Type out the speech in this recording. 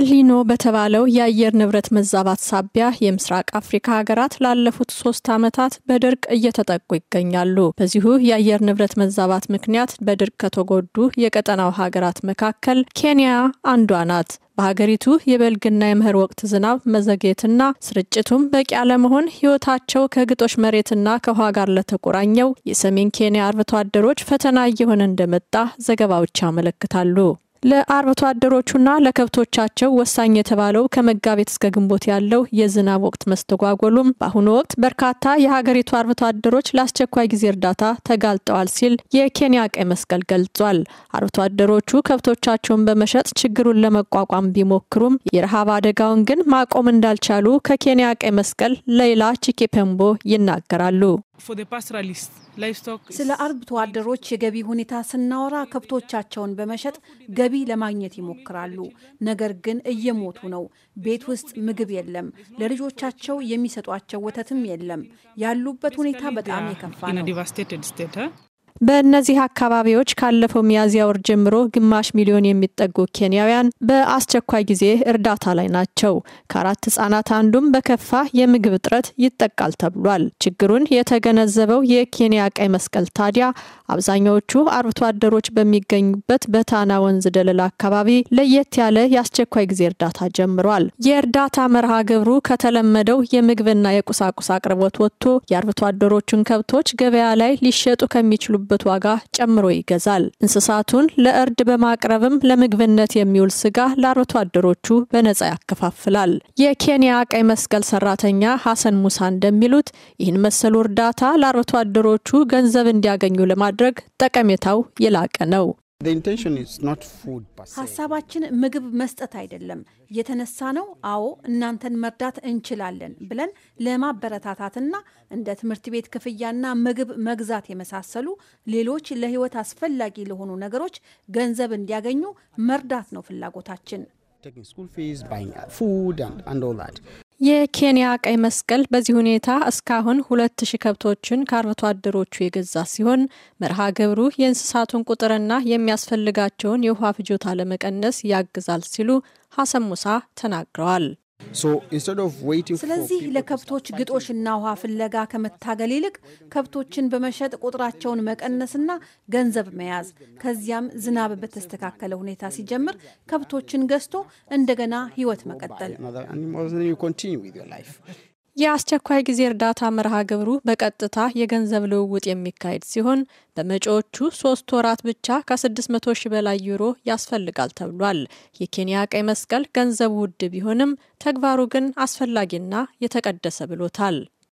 ኤልኒኖ በተባለው የአየር ንብረት መዛባት ሳቢያ የምስራቅ አፍሪካ ሀገራት ላለፉት ሶስት ዓመታት በድርቅ እየተጠቁ ይገኛሉ። በዚሁ የአየር ንብረት መዛባት ምክንያት በድርቅ ከተጎዱ የቀጠናው ሀገራት መካከል ኬንያ አንዷ ናት። በሀገሪቱ የበልግና የምህር ወቅት ዝናብ መዘግየትና ስርጭቱም በቂ አለመሆን ህይወታቸው ከግጦሽ መሬትና ከውሃ ጋር ለተቆራኘው የሰሜን ኬንያ አርብቶ አደሮች ፈተና እየሆነ እንደመጣ ዘገባዎች ያመለክታሉ። ለአርብቶ አደሮቹና ለከብቶቻቸው ወሳኝ የተባለው ከመጋቢት እስከ ግንቦት ያለው የዝናብ ወቅት መስተጓጎሉም በአሁኑ ወቅት በርካታ የሀገሪቱ አርብቶ አደሮች ለአስቸኳይ ጊዜ እርዳታ ተጋልጠዋል ሲል የኬንያ ቀይ መስቀል ገልጿል። አርብቶ አደሮቹ ከብቶቻቸውን በመሸጥ ችግሩን ለመቋቋም ቢሞክሩም የረሃብ አደጋውን ግን ማቆም እንዳልቻሉ ከኬንያ ቀይ መስቀል ሌይላ ቺኬፔምቦ ይናገራሉ። ስለ አርብቶ አደሮች የገቢ ሁኔታ ስናወራ ከብቶቻቸውን በመሸጥ ገቢ ለማግኘት ይሞክራሉ። ነገር ግን እየሞቱ ነው። ቤት ውስጥ ምግብ የለም። ለልጆቻቸው የሚሰጧቸው ወተትም የለም። ያሉበት ሁኔታ በጣም የከፋ ነው። በእነዚህ አካባቢዎች ካለፈው ሚያዝያ ወር ጀምሮ ግማሽ ሚሊዮን የሚጠጉ ኬንያውያን በአስቸኳይ ጊዜ እርዳታ ላይ ናቸው። ከአራት ህጻናት አንዱም በከፋ የምግብ እጥረት ይጠቃል ተብሏል። ችግሩን የተገነዘበው የኬንያ ቀይ መስቀል ታዲያ አብዛኛዎቹ አርብቶ አደሮች በሚገኙበት በታና ወንዝ ደለላ አካባቢ ለየት ያለ የአስቸኳይ ጊዜ እርዳታ ጀምሯል። የእርዳታ መርሃ ግብሩ ከተለመደው የምግብና የቁሳቁስ አቅርቦት ወጥቶ የአርብቶ አደሮቹን ከብቶች ገበያ ላይ ሊሸጡ ከሚችሉ በሚሸጥበት ዋጋ ጨምሮ ይገዛል። እንስሳቱን ለእርድ በማቅረብም ለምግብነት የሚውል ስጋ ለአርብቶ አደሮቹ በነጻ ያከፋፍላል። የኬንያ ቀይ መስቀል ሰራተኛ ሀሰን ሙሳ እንደሚሉት ይህን መሰሉ እርዳታ ለአርብቶ አደሮቹ ገንዘብ እንዲያገኙ ለማድረግ ጠቀሜታው የላቀ ነው። ሀሳባችን ምግብ መስጠት አይደለም። የተነሳ ነው አዎ እናንተን መርዳት እንችላለን ብለን ለማበረታታትና እንደ ትምህርት ቤት ክፍያና ምግብ መግዛት የመሳሰሉ ሌሎች ለሕይወት አስፈላጊ ለሆኑ ነገሮች ገንዘብ እንዲያገኙ መርዳት ነው ፍላጎታችን። የኬንያ ቀይ መስቀል በዚህ ሁኔታ እስካሁን ሁለት ሺህ ከብቶችን ከአርብቶ አደሮቹ የገዛ ሲሆን መርሃ ግብሩ የእንስሳቱን ቁጥርና የሚያስፈልጋቸውን የውሃ ፍጆታ ለመቀነስ ያግዛል ሲሉ ሀሰን ሙሳ ተናግረዋል። ስለዚህ ለከብቶች ግጦሽና ውሃ ፍለጋ ከመታገል ይልቅ ከብቶችን በመሸጥ ቁጥራቸውን መቀነስና ገንዘብ መያዝ፣ ከዚያም ዝናብ በተስተካከለ ሁኔታ ሲጀምር ከብቶችን ገዝቶ እንደገና ሕይወት መቀጠል የአስቸኳይ ጊዜ እርዳታ መርሃ ግብሩ በቀጥታ የገንዘብ ልውውጥ የሚካሄድ ሲሆን በመጪዎቹ ሶስት ወራት ብቻ ከ600 ሺ በላይ ዩሮ ያስፈልጋል ተብሏል። የኬንያ ቀይ መስቀል ገንዘብ ውድ ቢሆንም ተግባሩ ግን አስፈላጊና የተቀደሰ ብሎታል።